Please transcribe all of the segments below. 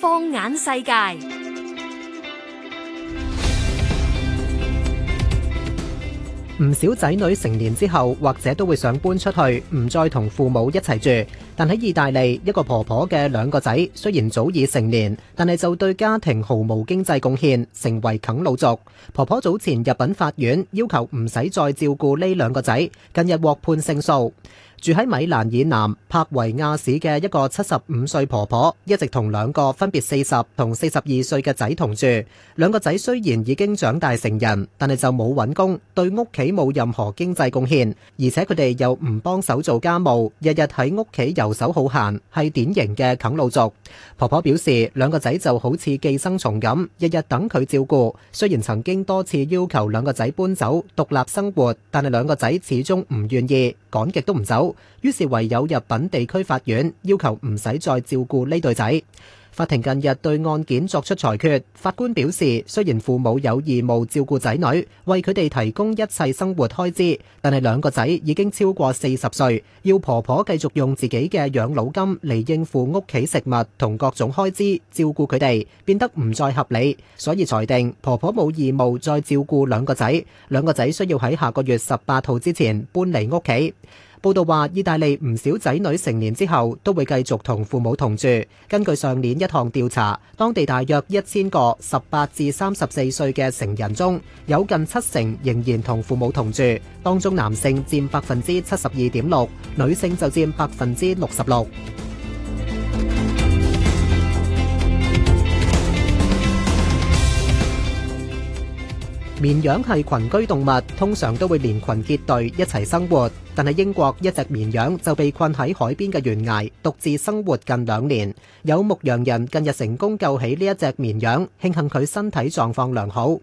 放眼世界，唔少仔女成年之後，或者都會想搬出去，唔再同父母一齊住。但喺意大利，一個婆婆嘅兩個仔，雖然早已成年，但係就對家庭毫無經濟貢獻，成為啃老族。婆婆早前入禀法院，要求唔使再照顧呢兩個仔，近日獲判勝訴。住喺米蘭以南柏維亞市嘅一個七十五歲婆婆，一直同兩個分別四十同四十二歲嘅仔同住。兩個仔雖然已經長大成人，但係就冇揾工，對屋企冇任何經濟貢獻，而且佢哋又唔幫手做家務，日日喺屋企遊手好閒，係典型嘅啃老族。婆婆表示，兩個仔就好似寄生蟲咁，日日等佢照顧。雖然曾經多次要求兩個仔搬走，獨立生活，但係兩個仔始終唔願意，趕極都唔走。於是唯有入稟地區法院要求唔使再照顧呢對仔。法庭近日對案件作出裁決，法官表示，雖然父母有義務照顧仔女，為佢哋提供一切生活開支，但係兩個仔已經超過四十歲，要婆婆繼續用自己嘅養老金嚟應付屋企食物同各種開支照顧，照顧佢哋變得唔再合理，所以裁定婆婆冇義務再照顧兩個仔。兩個仔需要喺下個月十八號之前搬離屋企。報道話，意大利唔少仔女成年之後都會繼續同父母同住。根據上年一項調查，當地大約一千個十八至三十四歲嘅成人中，有近七成仍然同父母同住，當中男性佔百分之七十二點六，女性就佔百分之六十六。綿羊係群居動物，通常都會連群結隊一齊生活。但係英國一隻綿羊就被困喺海邊嘅懸崖獨自生活近兩年。有牧羊人近日成功救起呢一隻綿羊，慶幸佢身體狀況良好，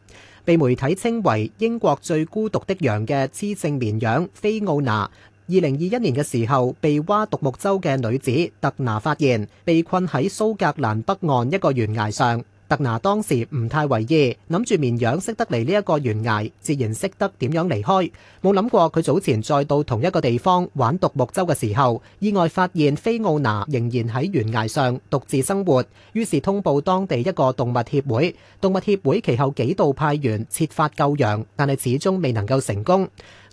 被媒體稱為英國最孤獨的羊嘅雌性綿羊菲奧娜。二零二一年嘅時候，被劃獨木舟嘅女子特拿發現，被困喺蘇格蘭北岸一個懸崖上。特拿當時唔太為意，諗住綿羊識得嚟呢一個懸崖，自然識得點樣離開，冇諗過佢早前再到同一個地方玩獨木舟嘅時候，意外發現菲奧娜仍然喺懸崖上獨自生活，於是通報當地一個動物協會，動物協會其後幾度派員設法救羊，但係始終未能夠成功。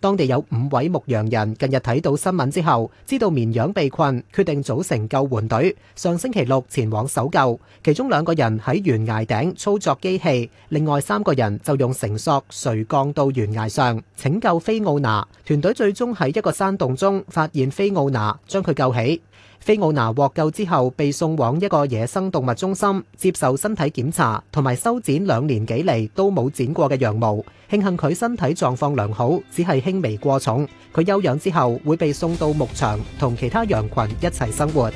當地有五位牧羊人，近日睇到新聞之後，知道綿羊被困，決定組成救援隊。上星期六前往搜救，其中兩個人喺懸崖頂操作機器，另外三個人就用繩索垂降到懸崖上拯救菲奧娜。團隊最終喺一個山洞中發現菲奧娜，將佢救起。菲奧娜獲救之後，被送往一個野生動物中心接受身體檢查，同埋修剪兩年幾嚟都冇剪過嘅羊毛。慶幸佢身體狀況良好，只係輕微過重。佢休養之後，會被送到牧場，同其他羊群一齊生活。